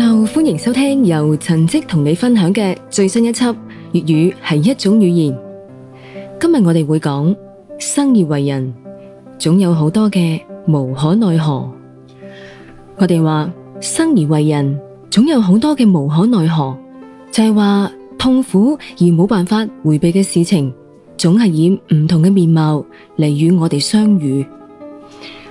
Hello, 歡迎收聽由陳跡同你分享嘅最新一輯粵語係一種語言。今日我哋會講生而為人，總有好多嘅無可奈何。我哋話生而為人，總有好多嘅無可奈何，就係話痛苦而冇辦法回避嘅事情，總係以唔同嘅面貌嚟與我哋相遇，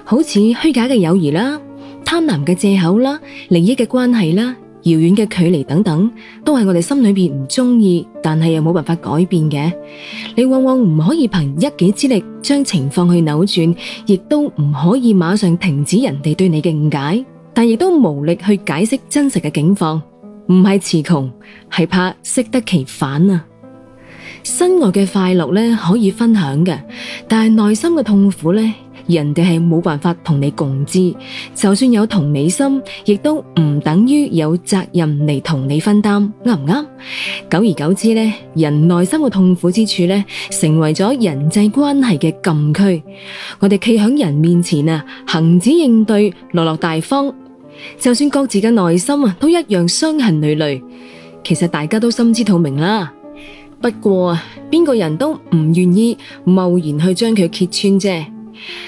好似虛假嘅友誼啦。貪婪嘅借口啦，利益嘅關係啦，遙遠嘅距離等等，都係我哋心裏面唔中意，但係又冇辦法改變嘅。你往往唔可以憑一己之力將情況去扭轉，亦都唔可以馬上停止人哋對你嘅誤解，但亦都無力去解釋真實嘅境況。唔係詞窮，係怕適得其反啊！身外嘅快樂呢，可以分享嘅，但係內心嘅痛苦呢。人哋係冇辦法同你共知，就算有同理心，亦都唔等於有責任嚟同你分擔，啱唔啱？久而久之，呢人內心嘅痛苦之處呢，成為咗人際關係嘅禁區。我哋企喺人面前啊，行止應對落落大方，就算各自嘅內心啊，都一樣傷痕累累。其實大家都心知肚明啦，不過邊個人都唔願意貿然去將佢揭穿啫。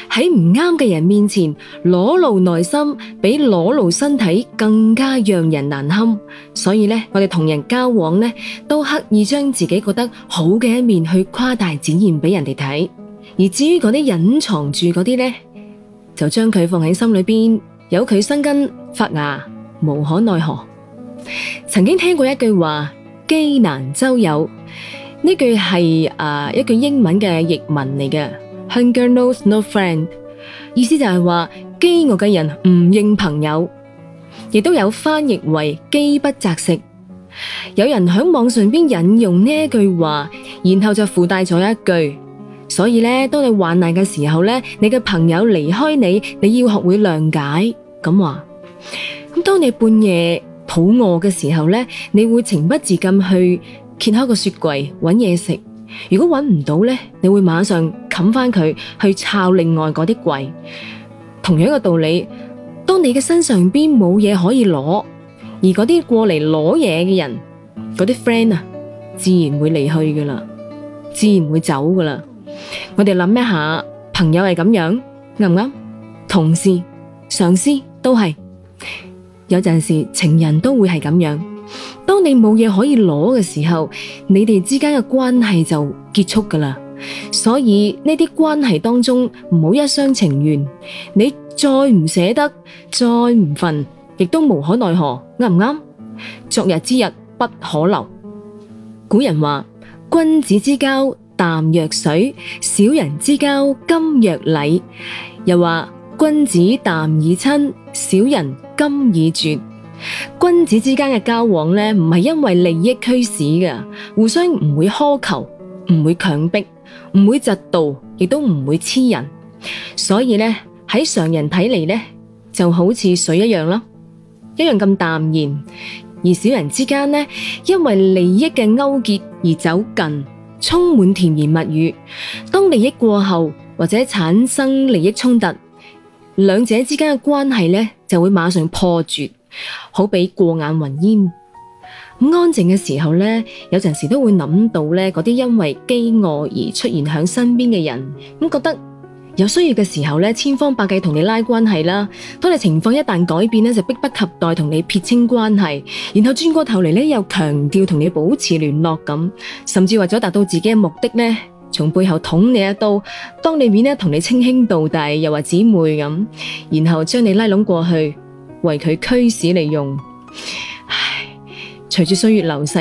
喺唔啱嘅人面前裸露內心，比裸露身體更加讓人難堪。所以呢，我哋同人交往呢，都刻意將自己覺得好嘅一面去誇大展現俾人哋睇。而至於嗰啲隱藏住嗰啲呢，就將佢放喺心裏邊，由佢生根發芽，無可奈何。曾經聽過一句話：機難周友，呢句係啊一句英文嘅譯文嚟嘅。hunger knows no friend，意思就係話飢餓嘅人唔認朋友，亦都有翻譯為飢不擇食。有人喺網上邊引用呢一句話，然後就附帶咗一句，所以呢，當你患難嘅時候呢，你嘅朋友離開你，你要學會諒解咁話。咁當你半夜肚餓，餓嘅時候呢，你會情不自禁去揭開個雪櫃搵嘢食。如果搵唔到呢，你會馬上。冚翻去抄另外那些櫃，同樣一個道理。當你的身上邊冇嘢可以攞，而那些過嚟攞嘢嘅人，那些 friend 啊，自然會離去噶，自然會走的啦。我哋想一下，朋友係咁樣啱唔啱？同事、上司都係。有陣時候情人都會係咁樣。當你冇嘢可以攞的時候，你哋之間的關係就結束噶啦。所以呢啲關係當中唔好一廂情願，你再唔捨得，再唔忿，亦都無可奈何，啱唔啱？昨日之日不可留。古人話君子之交淡若水，小人之交甘若醴。又話君子淡以親，小人甘以絕。君子之間嘅交往呢，唔係因為利益驅使嘅，互相唔會苛求，唔會強迫。唔會嫉妒，亦都唔會黐人，所以呢，喺常人睇嚟呢，就好似水一樣啦，一樣咁淡然。而小人之間呢，因為利益嘅勾結而走近，充滿甜言蜜語。當利益過後，或者產生利益衝突，兩者之間嘅關係呢，就會馬上破絕，好比過眼雲煙。咁安靜嘅時候呢，有陣時都會諗到呢，嗰啲因為飢餓而出現喺身邊嘅人，咁覺得有需要嘅時候呢，千方百計同你拉關係啦。當你情況一旦改變呢，就迫不及待同你撇清關係，然後轉過頭嚟呢，又強調同你保持聯絡咁，甚至為咗達到自己嘅目的呢，從背後捅你一刀。當你面呢，同你稱兄道弟，又話姊妹咁，然後將你拉攏過去，為佢驅使利用。隨住歲月流逝，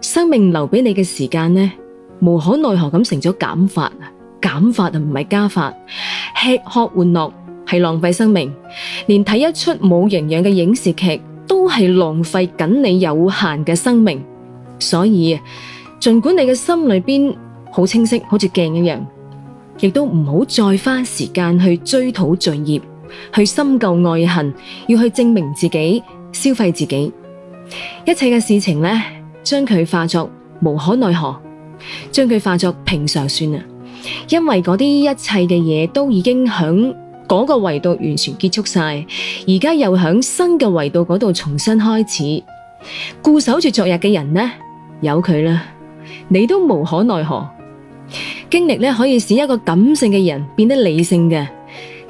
生命留俾你嘅時間，無可奈何咁成咗減法，減法唔係加法，吃喝玩樂係浪費生命，連睇一出冇營養嘅影視劇都係浪費緊你有限嘅生命。所以，盡管你嘅心裏邊好清晰，好似鏡一樣，亦都唔好再花時間去追討罪孽，去深究愛恨，要去證明自己，消費自己。一切嘅事情呢，將佢化作無可奈何，將佢化作平常算呀，因為嗰啲一切嘅嘢都已經喺嗰個維度完全結束晒，而家又喺新嘅維度嗰度重新開始。固守住昨日嘅人呢，有佢啦，你都無可奈何。經歷呢，可以使一個感性嘅人變得理性嘅，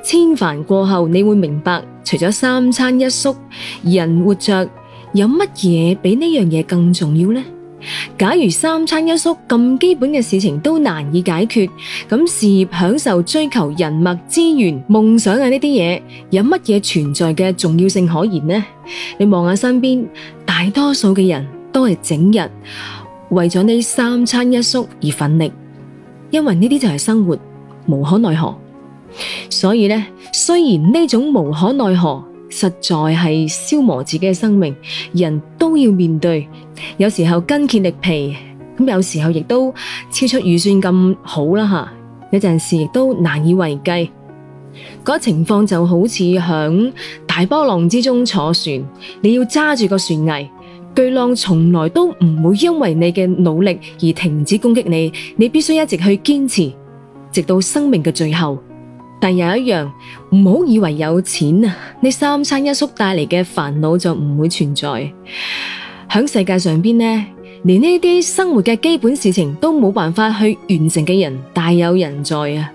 千帆過後你會明白，除咗三餐一宿，人活着，有乜嘢比呢樣嘢更重要呢？假如三餐一宿咁基本嘅事情都難以解決，咁事業、享受、追求、人脈、資源、夢想嘅呢啲嘢，有乜嘢存在嘅重要性可言呢？你望下身邊，大多數嘅人都係整日為咗呢三餐一宿而奮力，因為呢啲就係生活，無可奈何。所以呢，雖然呢種無可奈何。實在係消磨自己嘅生命，人都要面對。有時候筋竭力疲，有時候亦都超出預算咁好啦吓。有陣時亦都難以為繼，嗰、那個、情況就好似響大波浪之中坐船，你要揸住個船桅。巨浪從來都唔會因為你嘅努力而停止攻擊你，你必須一直去堅持，直到生命嘅最後。但有一樣，唔好以為有錢啊，呢三餐一宿帶嚟嘅煩惱就唔會存在。響世界上邊呢，連呢啲生活嘅基本事情都冇辦法去完成嘅人大有人在啊。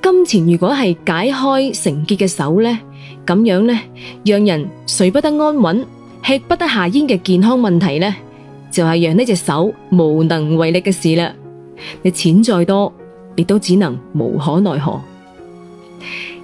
金錢如果係解開繩結嘅手呢，咁樣呢，讓人睡不得安穩、吃不得下咽嘅健康問題呢，就係讓呢隻手無能為力嘅事啦。你錢再多，亦都只能無可奈何。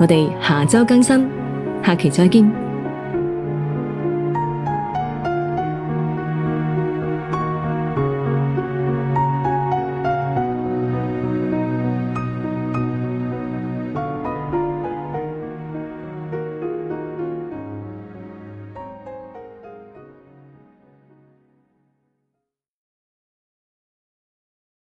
我哋下周更新，下期再見。